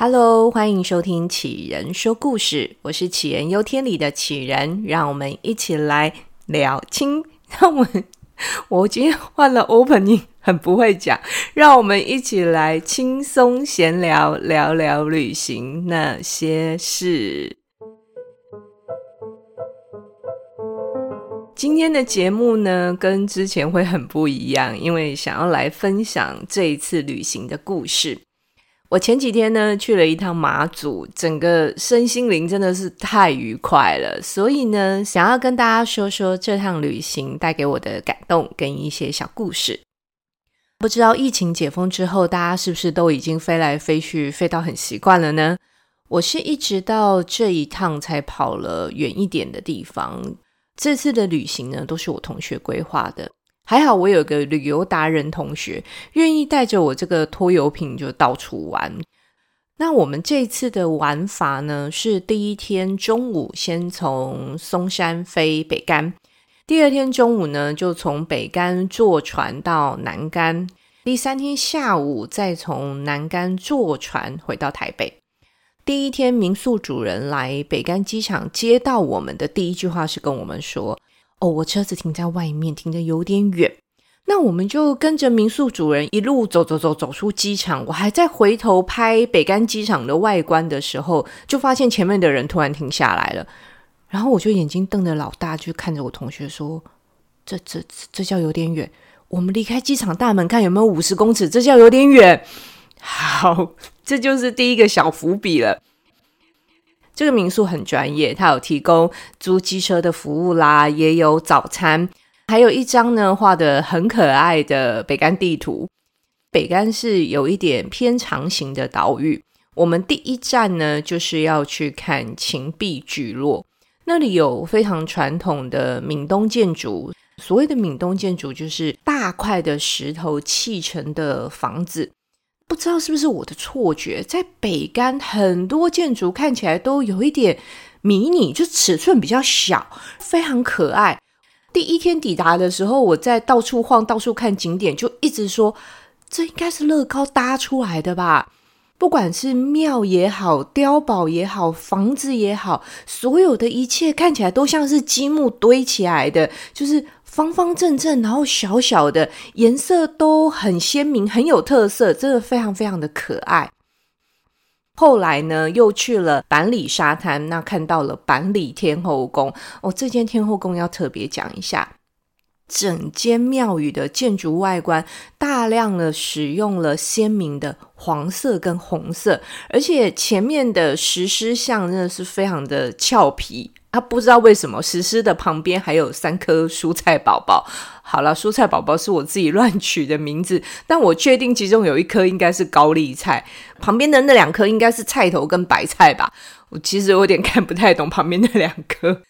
哈嘍歡迎收聽《杞人說故事》，我是《杞人憂天》裡的杞人，讓我們一起來聊清，讓我們我今天換了 opening，很不會講，讓我們一起來輕鬆閒聊聊聊旅行那些事。今天的節目呢，跟之前會很不一樣，因為想要來分享這一次旅行的故事。我前幾天呢去了一趟馬祖，整個身心靈真的是太愉快了，所以呢，想要跟大家說說這趟旅行帶給我的感動跟一些小故事。不知道疫情解封之後，大家是不是都已經飛來飛去，飛到很習慣了呢？我是一直到這一趟才跑了遠一點的地方。這次的旅行呢，都是我同學規劃的。還好我有個旅遊達人同學，願意帶着我這個拖油瓶就到處玩。那我們這次的玩法呢，是第一天中午先從松山飛北竿，第二天中午呢就從北竿坐船到南竿，第三天下午再從南竿坐船回到台北。第一天民宿主人來北竿機場接到我們的第一句話是跟我們說。哦，我車子停在外面，停的有點遠。那我們就跟着民宿主人一路走走走，走出機場。我還在回頭拍北竿機場的外觀的時候，就發現前面的人突然停下來了。然後我就眼睛瞪得老大，就看着我同學說：“這、這、這叫有點遠。我們離開機場大門，看有沒有五十公尺，這叫有點遠。”好，這就是第一個小伏筆了。這個民宿很專業，它有提供租機車的服務啦，也有早餐，還有一張呢畫得很可愛的北竿地圖。北竿是有一點偏長型的島嶼。我們第一站呢就是要去看芹壁聚落，那裡有非常傳統的閩東建築。所謂的閩東建築就是大塊的石頭砌成的房子。不知道是不是我的錯覺，在北竿很多建築看起來都有一點迷你，就尺寸比較小，非常可愛。第一天抵達的時候，我在到處晃，到處看景點，就一直說：“這應該是樂高搭出來的吧。”不管是廟也好，碉堡也好，房子也好，所有的一切看起來都像是積木堆起來的，就是方方正正，然後小小的，顏色都很鮮明，很有特色，真的非常非常的可愛。後來呢，又去了坂里沙灘，那看到了坂里天後宮。哦，這間天後宮要特別講一下。整間廟宇的建築外觀大量的使用了鮮明的黃色跟紅色，而且前面的石獅像真的是非常的俏皮。它、啊、不知道為什麼石獅的旁邊還有三顆蔬菜寶寶。好了，蔬菜寶寶是我自己亂取的名字，但我確定其中有一顆應該是高麗菜，旁邊的那兩顆應該是菜頭跟白菜吧？我其實我有點看不太懂旁邊那兩顆。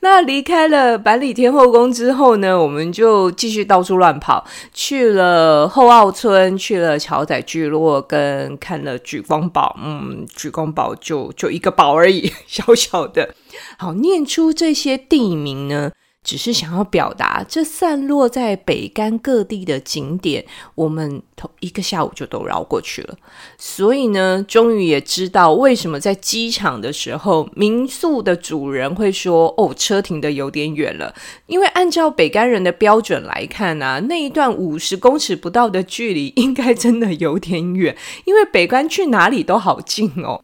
那離開了坂里天後宮之後呢，我們就繼續到處亂跑，去了後澳村，去了橋仔聚落，跟看了莒光堡。嗯，莒光堡就就一個堡而已，小小的。好，念出這些地名呢。只是想要表達，這散落在北竿各地的景點，我們頭一個下午就都繞過去了。所以呢，終於也知道為什麼在機場的時候，民宿的主人會說：“哦，車停得有點遠了。”因為按照北竿人的標準來看啊，那一段五十公尺不到的距離，應該真的有點遠。因為北竿去哪裡都好近哦。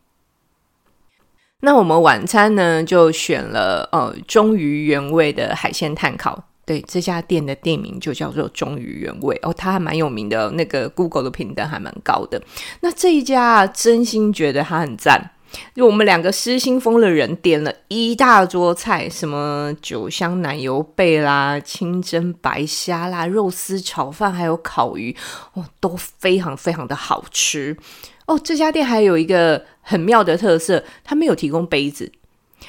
那我們晚餐呢，就選了呃忠於原味的海鮮炭烤。對，這家店的店名就叫做忠於原味哦，它還蠻有名的，那個 Google 的評分還蠻高的。那這一家、啊、真心覺得它很讚，就我們兩個失心瘋的人點了一大桌菜，什麼酒香奶油貝啦、清蒸白蝦啦、肉絲炒飯，還有烤魚，哦，都非常非常的好吃。哦，這家店還有一個很妙的特色，它沒有提供杯子，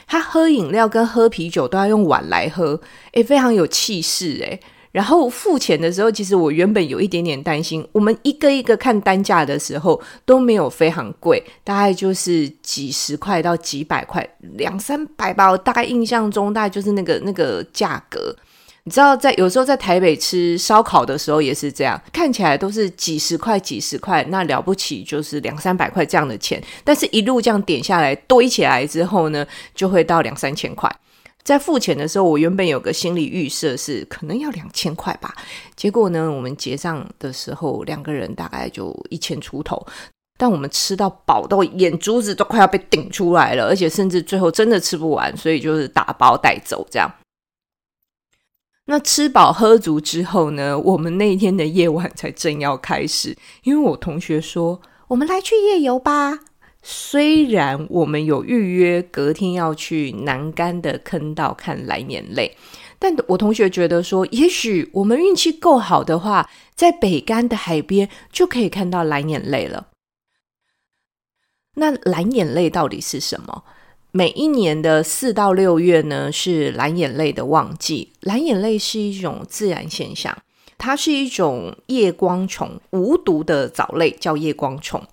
它喝飲料跟喝啤酒都要用碗來喝，哎、欸，非常有氣勢哎。然後付錢的時候，其實我原本有一點點擔心，我們一個一個看單價的時候都沒有非常貴，大概就是幾十塊到幾百塊，兩三百吧，我大概印象中大概就是那個那個價格。你知道在有時候在台北吃燒烤的時候也是這樣，看起來都是幾十塊幾十塊，那了不起就是兩三百塊這樣的錢，但是一路這樣點下來堆起來之後呢，就會到兩三千塊。在付錢的時候，我原本有個心理預設是可能要兩千塊吧，結果呢，我們結賬的時候兩個人大概就一千出頭，但我們吃到飽，到眼珠子都快要被頂出來了，而且甚至最後真的吃不完，所以就是打包帶走這樣。那吃飽喝足之後呢，我們那天的夜晚才正要開始，因為我同學說，我們來去夜遊吧。雖然我們有預約隔天要去南竿的坑道看藍眼淚，但我同學覺得說，也許我們運氣夠好的話，在北竿的海邊就可以看到藍眼淚了。那藍眼淚到底是什麼？每一年的四到六月呢，是藍眼淚的旺季。藍眼淚是一種自然現象，它是一種夜光蟲，無毒的藻類叫夜光蟲，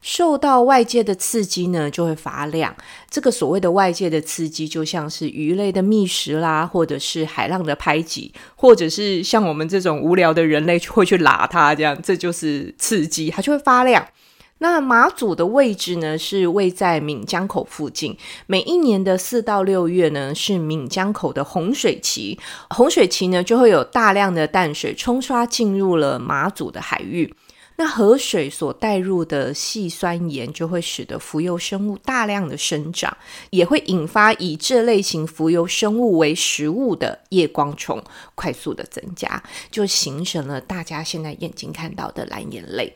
受到外界的刺激呢，就會發亮。這個所謂的外界的刺激，就像是魚類的覓食啦，或者是海浪的拍擊，或者是像我們這種無聊的人類就會去拉它這樣，這就是刺激，它就會發亮。那馬祖的位置呢，是位在閩江口附近。每一年的四到六月呢，是閩江口的洪水期。洪水期呢，就會有大量的淡水沖刷進入了馬祖的海域。那河水所帶入的矽酸鹽，就會使得浮游生物大量的生長，也會引發以這類型浮游生物為食物的夜光蟲快速的增加，就形成了大家現在眼睛看到的藍眼淚。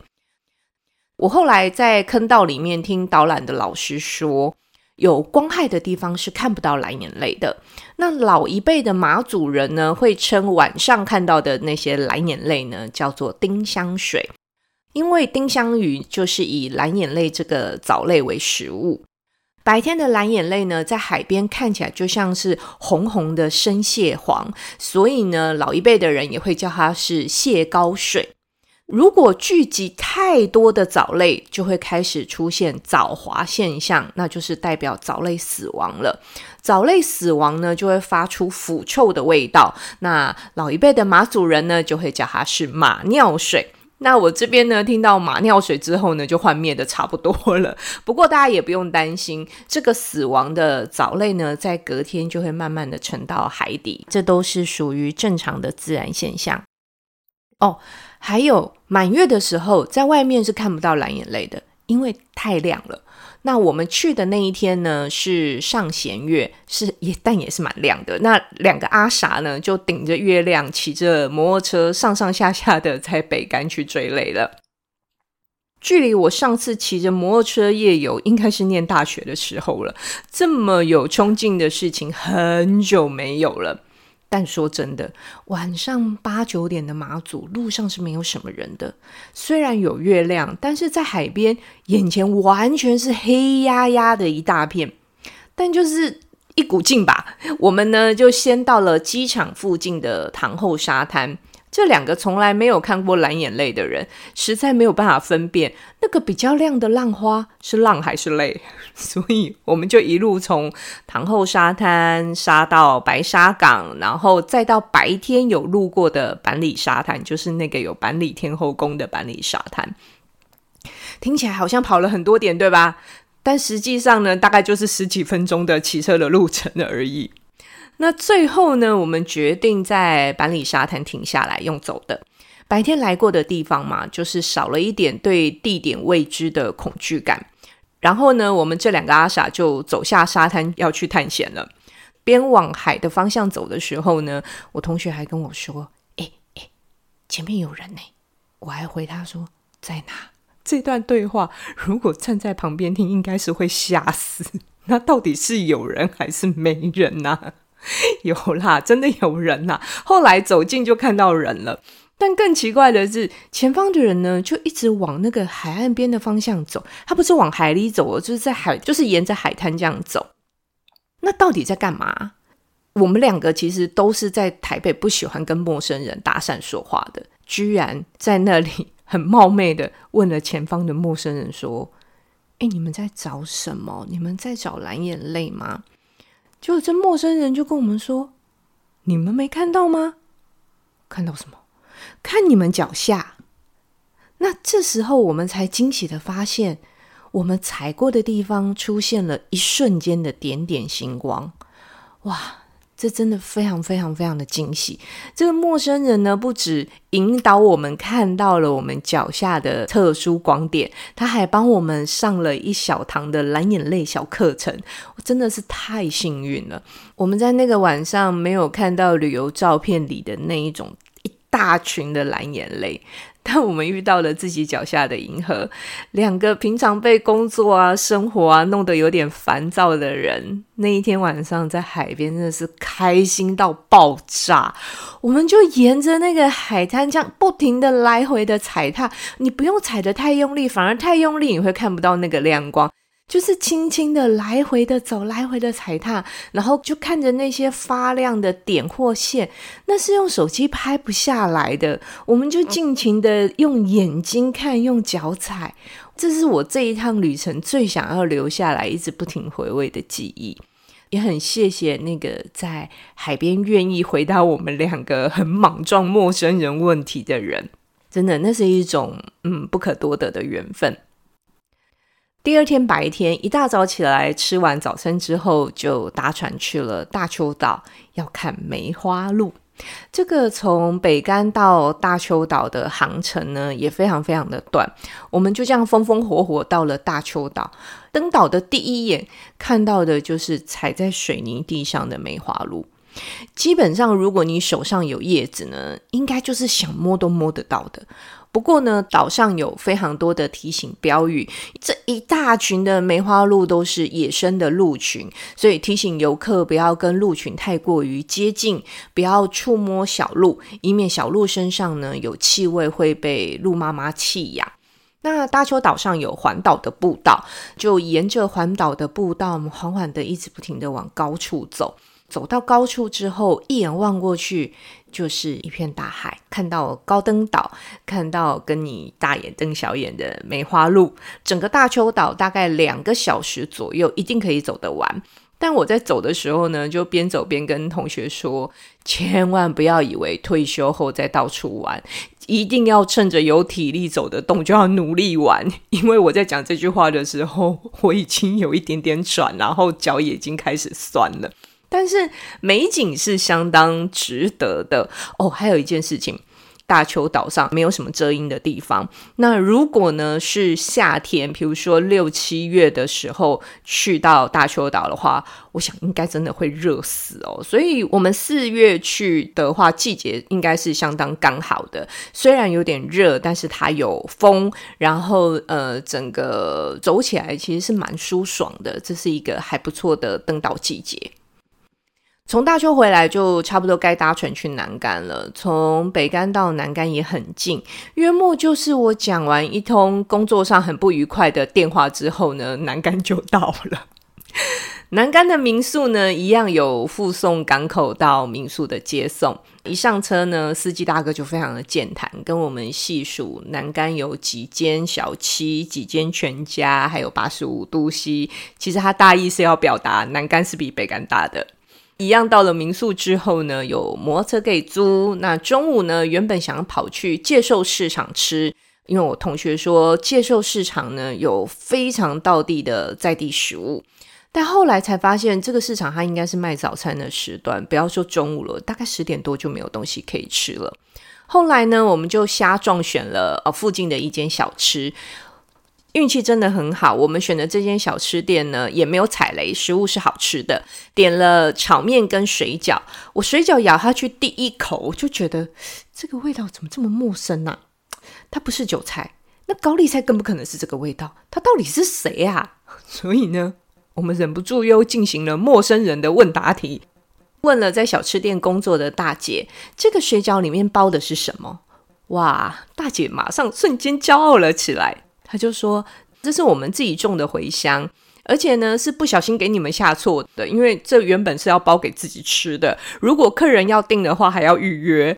我後來在坑道裡面聽導覽的老師說，有光害的地方是看不到藍眼淚的。那老一輩的馬祖人呢，會稱晚上看到的那些藍眼淚呢，叫做丁香水，因為丁香魚就是以藍眼淚這個藻類為食物。白天的藍眼淚呢，在海邊看起來就像是紅紅的生蟹黃，所以呢，老一輩的人也會叫它是蟹膏水。如果聚集太多的藻類，就會開始出現藻華現象，那就是代表藻類死亡了。藻類死亡呢，就會發出腐臭的味道。那老一輩的馬祖人呢，就會叫它是馬尿水。那我這邊呢，聽到馬尿水之後呢，就幻滅的差不多了。不過大家也不用擔心，這個死亡的藻類呢，在隔天就會慢慢的沉到海底，這都是屬於正常的自然現象。哦。還有滿月的時候，在外面是看不到藍眼淚的，因為太亮了。那我們去的那一天呢，是上弦月，是也但也是蠻亮的。那兩個阿傻呢，就頂着月亮，騎着摩托車，上上下下的在北竿去追淚了。距離我上次騎着摩托車夜遊，應該是念大學的時候了。這麼有衝勁的事情，很久沒有了。但說真的，晚上八九點的馬祖路上是沒有什麼人的。雖然有月亮，但是在海邊，眼前完全是黑壓壓的一大片。但就是一股勁吧，我們呢就先到了機場附近的塘後沙灘。這兩個從來沒有看過藍眼淚的人，實在沒有辦法分辨那個比較亮的浪花是浪還是淚，所以我們就一路從塘後沙灘殺到白沙港，然後再到白天有路過的坂里沙灘，就是那個有坂里天後宮的坂里沙灘。聽起來好像跑了很多點，對吧？但實際上呢，大概就是十幾分鐘的騎車的路程而已。那最後呢，我們決定在板里沙灘停下來用走的。白天來過的地方嘛，就是少了一點對地點未知的恐懼感。然後呢，我們這兩個阿傻就走下沙灘要去探險了。邊往海的方向走的時候呢，我同學還跟我說：“哎、哎，前面有人呢！”我還回他說：“在哪？”這段對話如果站在旁邊聽，應該是會嚇死。那到底是有人還是沒人啊？ 有啦，真的有人啦。後來走近就看到人了，但更奇怪的是，前方的人呢，就一直往那個海岸邊的方向走。他不是往海裡走，就是在海，就是沿着海灘這樣走。那到底在幹嘛？我們兩個其實都是在台北，不喜歡跟陌生人搭訕說話的，居然在那裡很冒昧的問了前方的陌生人說：“哎、欸，你們在找什麼？你們在找藍眼淚嗎？”就這陌生人就跟我們說：“你們沒看到嗎？看到什麼？看你們腳下。那這時候我們才驚喜的發現，我們踩過的地方出現了一瞬間的點點星光。哇！”這真的非常非常非常的驚喜！這個陌生人呢，不止引導我們看到了我們腳下的特殊光點，他還幫我們上了一小堂的藍眼淚小課程。我真的是太幸運了！我們在那個晚上沒有看到旅遊照片裡的那一種一大群的藍眼淚。但我們遇到了自己腳下的銀河，兩個平常被工作啊、生活啊弄得有點煩躁的人，那一天晚上在海邊真的是開心到爆炸。我們就沿着那個海灘這樣不停的來回的踩踏，你不用踩得太用力，反而太用力你會看不到那個亮光。就是輕輕的來回的走，來回的踩踏，然後就看着那些發亮的點或線，那是用手機拍不下來的。我們就盡情的用眼睛看，用腳踩。這是我這一趟旅程最想要留下來、一直不停回味的記憶。也很謝謝那個在海邊願意回答我們兩個很莽撞陌生人問題的人，真的，那是一種，嗯，不可多得的緣分。第二天白天一大早起來，吃完早餐之後，就搭船去了大坵島，要看梅花鹿。這個從北竿到大坵島的航程呢，也非常非常的短。我們就這樣風風火火到了大坵島，登島的第一眼看到的就是踩在水泥地上的梅花鹿。基本上，如果你手上有葉子呢，應該就是想摸都摸得到的。不過呢，島上有非常多的提醒標語。這一大群的梅花鹿都是野生的鹿群，所以提醒遊客不要跟鹿群太過於接近，不要觸摸小鹿，以免小鹿身上呢有氣味會被鹿媽媽棄養。那大坵島上有環島的步道，就沿着環島的步道，緩緩的一直不停的往高處走。走到高處之後，一眼望過去就是一片大海，看到高登島，看到跟你大眼瞪小眼的梅花鹿，整個大坵島大概兩個小時左右一定可以走得完。但我在走的時候呢，就邊走邊跟同學說，千萬不要以為退休後再到處玩，一定要趁着有體力走得動就要努力玩。因為我在講這句話的時候，我已經有一點點喘，然後腳也已經開始酸了。但是美景是相當值得的哦。還有一件事情，大坵島上沒有什麼遮陰的地方。那如果呢是夏天，譬如說六七月的時候去到大坵島的話，我想應該真的會熱死哦。所以我們四月去的話，季節應該是相當剛好的。雖然有點熱，但是它有風，然後呃，整個走起來其實是蠻舒爽的。這是一個還不錯的登島季節。從大坵回來就差不多該搭船去南竿了。從北竿到南竿也很近，約莫就是我講完一通工作上很不愉快的電話之後呢，南竿就到了。 南竿的民宿呢，一樣有附送港口到民宿的接送。一上車呢，司機大哥就非常的健談，跟我們細數南竿有幾間小七、幾間全家，還有八十五度 C。其實他大意是要表達南竿是比北竿大的。一樣到了民宿之後呢，有摩托車可以租。那中午呢，原本想跑去介壽市場吃，因為我同學說介壽市場呢有非常道地的在地食物，但後來才發現這個市場它應該是賣早餐的時段，不要說中午了，大概十點多就沒有東西可以吃了。後來呢，我們就瞎撞選了附近的一間小吃。運氣真的很好，我們選的這間小吃店呢，也沒有踩雷，食物是好吃的。點了炒麵跟水餃，我水餃咬下去第一口，我就覺得這個味道怎麼這麼陌生呢啊？它不是韭菜，那高麗菜更不可能是這個味道，它到底是誰啊？所以呢，我們忍不住又進行了陌生人的問答題，問了在小吃店工作的大姐，這個水餃裡面包的是什麼？哇，大姐馬上瞬間驕傲了起來。他就說：“這是我們自己種的茴香，而且呢是不小心給你們下錯的，因為這原本是要包給自己吃的。如果客人要訂的話，還要預約。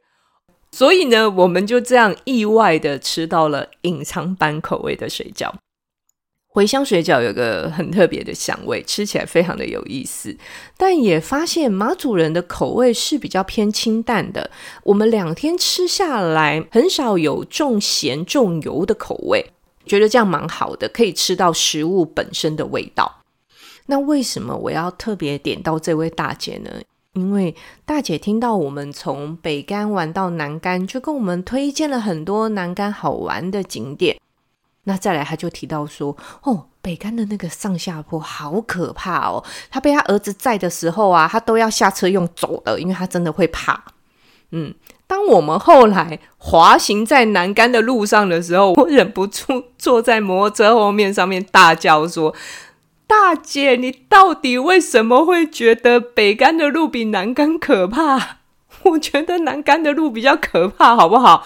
所以呢，我們就這樣意外的吃到了隱藏版口味的水餃。茴香水餃有個很特別的香味，吃起來非常的有意思。但也發現馬祖人的口味是比較偏清淡的。我們兩天吃下來，很少有重鹹重油的口味。”覺得這樣蠻好的，可以吃到食物本身的味道。那為什麼我要特別點到這位大姐呢？因為大姐聽到我們從北竿玩到南竿，就跟我們推薦了很多南竿好玩的景點。那再來，他就提到說：“哦，北竿的那個上下坡好可怕哦！他被他兒子載的時候啊，他都要下車用走的，因為他真的會怕。”嗯。當我們後來滑行在南竿的路上的時候，我忍不住坐在摩托車後面上面大叫說：“大姐，你到底為什麼會覺得北竿的路比南竿可怕？我覺得南竿的路比較可怕，好不好？”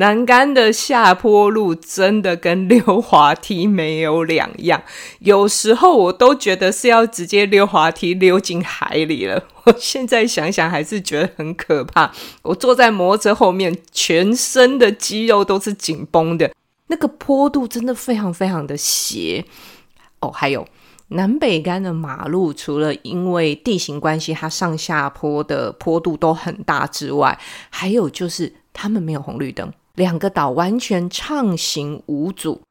南竿的下坡路真的跟溜滑梯沒有兩樣，有時候我都覺得是要直接溜滑梯溜進海裡了。我現在想想還是覺得很可怕。我坐在摩托車後面，全身的肌肉都是緊繃的，那個坡度真的非常非常的斜。哦，還有南北竿的馬路，除了因為地形關係，它上下坡的坡度都很大之外，還有就是他們沒有紅綠燈。兩個島完全暢行無阻。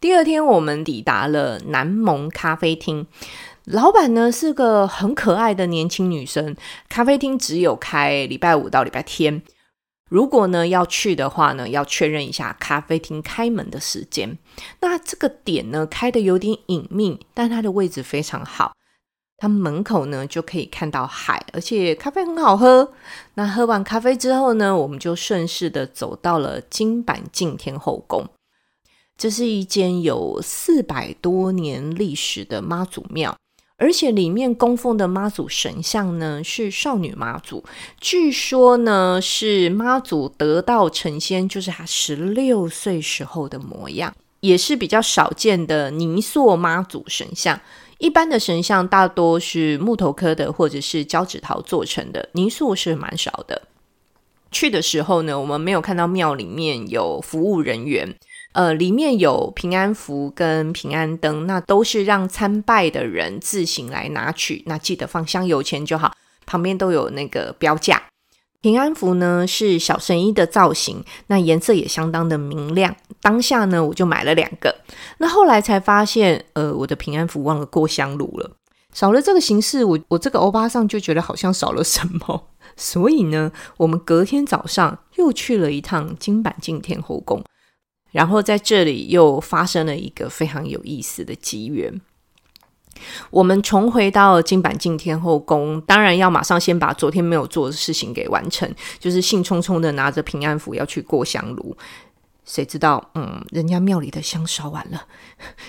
第二天，我們抵達了南蒙咖啡廳，老板呢是個很可愛的年輕女生。咖啡廳只有開禮拜五到禮拜天，如果呢要去的話呢，要確認一下咖啡廳開門的時間。那這個點呢開得有點隱秘，但它的位置非常好。它門口呢就可以看到海，而且咖啡很好喝。那喝完咖啡之後呢，我們就順勢的走到了金板境天後宮。這是一間有四百多年歷史的媽祖廟，而且裡面供奉的媽祖神像呢是少女媽祖。據說呢是媽祖得道成仙，就是她十六歲時候的模樣，也是比較少見的泥塑媽祖神像。一般的神像大多是木頭刻的，或者是交趾陶做成的，泥塑是蠻少的。去的時候呢，我們沒有看到廟裡面有服務人員，呃，裡面有平安符跟平安燈，那都是讓參拜的人自行來拿取，那記得放香油錢就好，旁邊都有那個標價。平安符呢是小神醫的造型，那顏色也相當的明亮。當下呢，我就買了兩個。那後來才發現，呃，我的平安符忘了過香爐了，少了這個形式，我我這個歐巴桑就覺得好像少了什麼。所以呢，我們隔天早上又去了一趟金板境天後宮，然後在這裡又發生了一個非常有意思的機緣。我們重回到金板境天後宮，當然要馬上先把昨天沒有做的事情給完成，就是興沖沖的拿着平安符要去過香爐。誰知道，嗯，人家廟裡的香燒完了，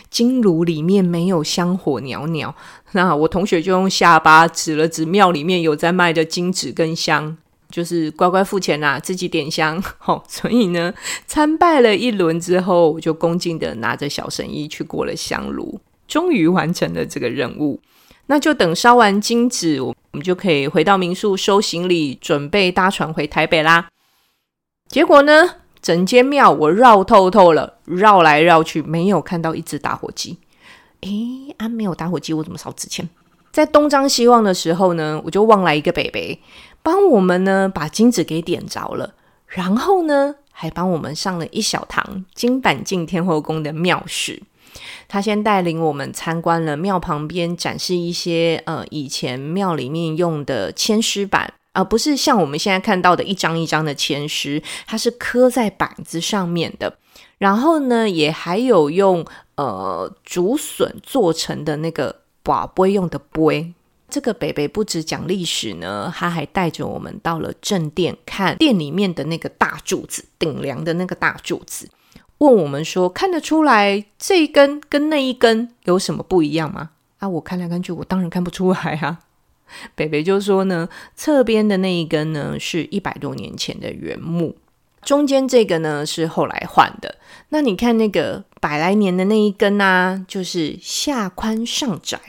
金爐裡面沒有香火裊裊。那我同學就用下巴指了指廟裡面有在賣的金紙跟香，就是乖乖付錢啦，自己點香。吼，所以呢，參拜了一輪之後，我就恭敬的拿着小神衣去過了香爐。終於完成了這個任務，那就等燒完金紙，我們就可以回到民宿收行李，準備搭船回台北啦。結果呢，整間廟我繞透透了，繞來繞去沒有看到一支打火機。誒，啊沒有打火機，我怎麼燒紙錢？在東張西望的時候呢，我就望來一個伯伯，幫我們呢把金紙給點着了，然後呢還幫我們上了一小堂金板進天後宮的廟事。他先帶領我們參觀了廟旁邊，展示一些呃以前廟裡面用的籤詩板而，呃、不是像我們現在看到的一張一張的籤詩，它是刻在板子上面的。然後呢，也還有用呃竹筍做成的那個把杯，用的杯。這個伯伯不止講歷史呢，他還帶着我們到了正殿，看殿裡面的那個大柱子，頂梁的那個大柱子。問我們說，看得出來這一根跟那一根有什麼不一樣嗎？啊，我看來看去，我當然看不出來啊。北北就說呢，側邊的那一根呢是一百多年前的原木，中間這個呢是後來換的。那你看那個百來年的那一根呢，啊，就是下寬上窄。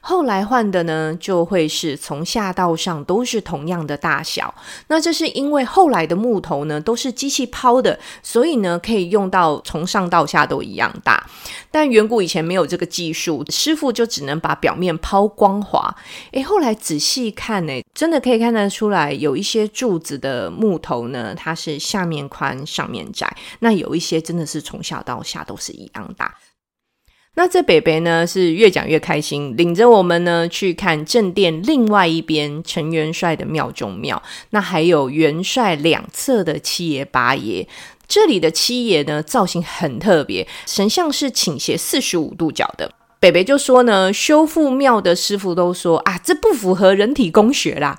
後來換的呢，就會是從下到上都是同樣的大小。那這是因為後來的木頭呢都是機器拋的，所以呢可以用到從上到下都一樣大。但遠古以前沒有這個技術，師傅就只能把表面拋光滑。誒，後來仔細看呢，真的可以看得出來，有一些柱子的木頭呢，它是下面寬上面窄。那有一些真的是從下到下都是一樣大。那這北北呢是越講越開心，領着我們呢去看正殿另外一邊陳元帥的廟中廟，那還有元帥兩側的七爺八爺。這裡的七爺呢造型很特別，神像是傾斜四十五度角的。北北就說呢，修復廟的師傅都說啊，這不符合人體工學啦。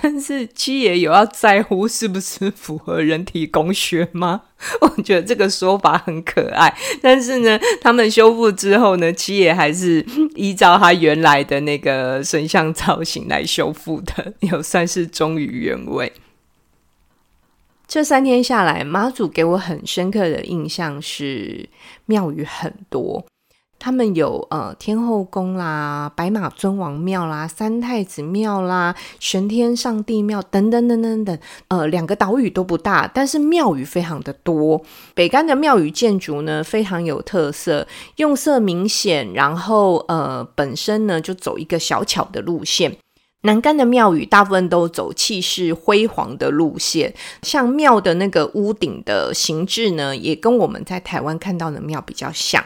但是七爺有要在乎是不是符合人體工學嗎？我覺得這個說法很可愛。但是呢，他們修復之後呢，七爺還是依照他原來的那個神像造型來修復的，有算是忠於原味。這三天下來，馬祖給我很深刻的印象是廟宇很多。他們有呃天後宮啦、白馬尊王廟啦、三太子廟啦、玄天上帝廟等，等等等等等。呃，兩個島嶼都不大，但是廟宇非常的多。北竿的廟宇建築呢，非常有特色，用色明顯，然後呃本身呢就走一個小巧的路線。南竿的廟宇大部分都走氣勢輝煌的路線，像廟的那個屋頂的形制呢，也跟我們在台灣看到的廟比較像。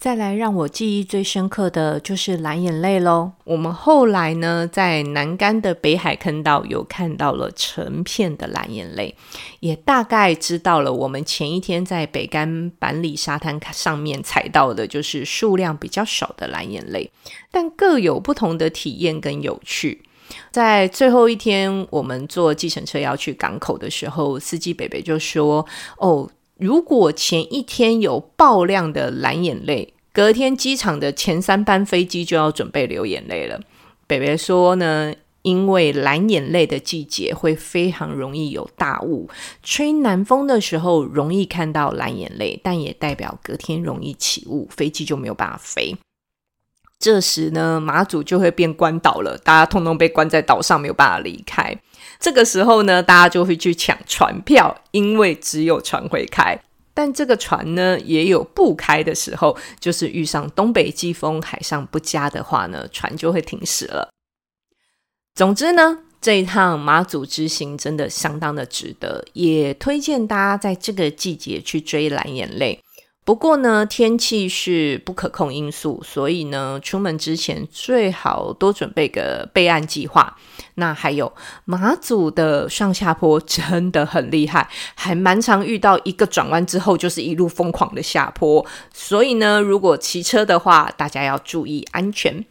再來讓我記憶最深刻的就是藍眼淚嘍。我們後來呢，在南竿的北海坑道有看到了成片的藍眼淚，也大概知道了我們前一天在北竿板里沙灘上面踩到的就是數量比較少的藍眼淚，但各有不同的體驗跟有趣。在最後一天，我們坐計程車要去港口的時候，司機北北就說：“哦。”如果前一天有爆量的藍眼淚，隔天機場的前三班飛機就要準備流眼淚了。北北說呢，因為藍眼淚的季節會非常容易有大霧，吹南風的時候容易看到藍眼淚，但也代表隔天容易起霧，飛機就沒有辦法飛。這時呢，馬祖就會變關島了，大家通通被關在島上，沒有辦法離開。這個時候呢，大家就會去搶船票，因為只有船會開。但這個船呢，也有不開的時候，就是遇上東北季風，海上不佳的話呢，船就會停駛了。總之呢，這一趟馬祖之行真的相當的值得，也推薦大家在這個季節去追藍眼淚。不過呢，天氣是不可控因素，所以呢，出門之前最好多準備個備案計劃。那還有，馬祖的上下坡真的很厲害，還蠻常遇到一個轉彎之後就是一路瘋狂的下坡，所以呢，如果騎車的話，大家要注意安全。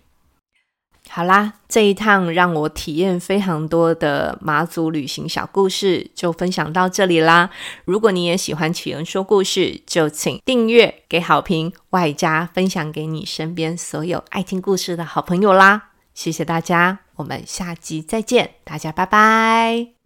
好啦，這一趟讓我體驗非常多的馬祖旅行小故事，就分享到這裡啦。如果你也喜歡杞人說故事，就請訂閱、給好評，外加分享給你身邊所有愛聽故事的好朋友啦。謝謝大家，我們下集再見，大家拜拜。